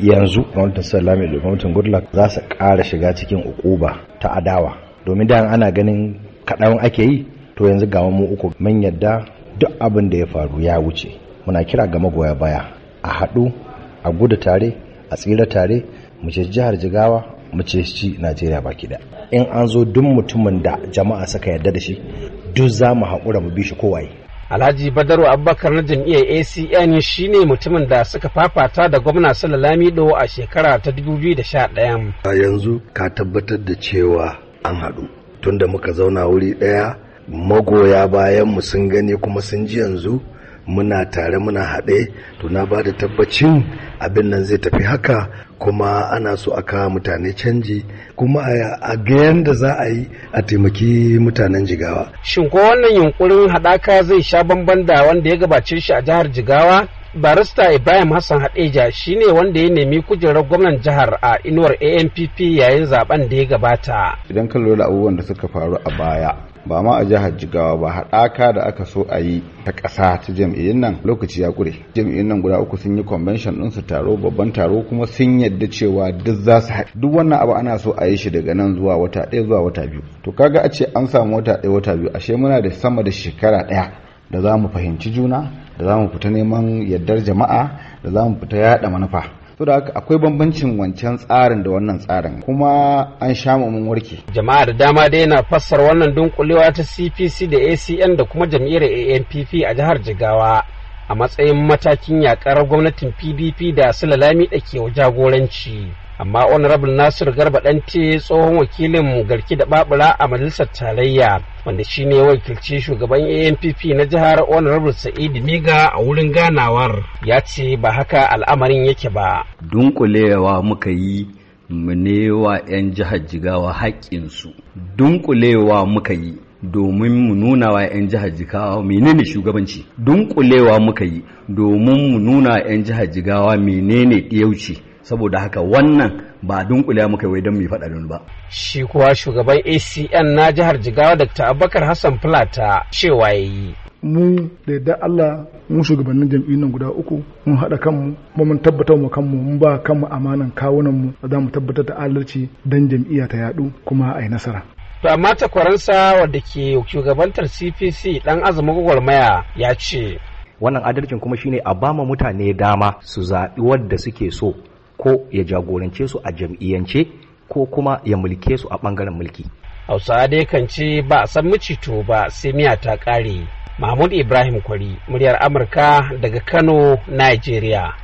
yanzu gwamnatin salami da gwamnatin goodluck za su ƙara shiga cikin ukuba ta adawa domin da ana ganin kaɗan ake yi to yanzu ga mu uku mun yadda duk abin da ya faru ya wuce muna kira ga magoya baya a haɗu a gudu tare a tsira tare mu ce jihar jigawa mu ce shi najeriya baki da in an zo duk mutumin da jama'a suka yadda da shi duk za mu haƙura mu bi shi kowaye Alhaji Badaru Abubakar na jam'iyyar ACN shine mutumin da suka fafata da gwamna Sula Lamido a shekara ta 2011. A yanzu ka tabbatar da cewa an haɗu tunda muka zauna wuri ɗaya magoya bayan mu sun gani kuma sun ji yanzu muna tare muna haɗe to na ba da tabbacin abin nan zai tafi haka kuma ana so a kawo mutane canji kuma a ga yadda za a yi a taimaki mutanen jigawa shin ko wannan yunkurin haɗaka zai sha bamban da wanda ya gabace shi a jihar jigawa barista ibrahim hassan hadeja shine wanda ya nemi kujerar gwamnan jihar a inuwar ampp yayin zaben da ya gabata idan ka lura da abubuwan da suka faru a baya ba ma a jihar jigawa ba haɗaka da aka so a yi ta ƙasa ta jam'iyyun nan lokaci ya ƙure jam'iyyun nan guda uku sun yi convention ɗinsu taro babban taro kuma sun yadda cewa duk za su haɗu duk wannan abu ana so a yi shi daga nan zuwa wata ɗaya zuwa wata biyu to kaga a ce an samu wata ɗaya wata biyu ashe muna da sama da shekara ɗaya da za mu fahimci juna da za mu fita neman yardar jama'a da za mu fita yaɗa manufa to da akwai bambancin wancan tsarin da wannan tsarin kuma an sha mun warke jama'a da dama dai yana fassar wannan dunkulewa ta CPC da ACN da kuma jam'iyyar ANPP a jihar Jigawa a matsayin matakin yakar gwamnatin PDP da Sulalami da ke jagoranci amma honorable nasir garba dante tsohon wakilin garki da babura a majalisar tarayya wanda shine wakilci shugaban ampp na jihar honorable sa'id miga a wurin ganawar ya ce ba haka al'amarin yake ba dunkulewa muka yi mu ne wa 'yan jihar jigawa haƙƙinsu dunkulewa muka yi domin mu nuna wa 'yan jihar jigawa menene shugabanci dunkulewa muka yi domin mu nuna 'yan jihar jigawa menene ɗiyauci saboda haka wannan ba dunkule muka wai don mu faɗa ba shi kuwa shugaban ACN na jihar Jigawa Dr. Abubakar Hassan Plata cewa ya yi. mu da yadda Allah mu shugabannin jam'iyyun nan guda uku mun haɗa kanmu kuma mun tabbatar mu kanmu mun ba kanmu amanan kawunanmu, mu za mu tabbatar da adalci dan jam'iyya ta yadu kuma a yi nasara to amma takwaransa wadda ke shugabantar CPC ɗan azumin gwagwarmaya ya ce wannan adalcin kuma shine a bama mutane dama su zaɓi wadda suke so ko ya jagorance su a jam'iyyance ko kuma ya mulke su a bangaren mulki. Hausawa dai kan ce ba a san micito ba sai miya ta ƙare. Mahmud Ibrahim Kwari, muryar Amurka daga Kano, Nigeria.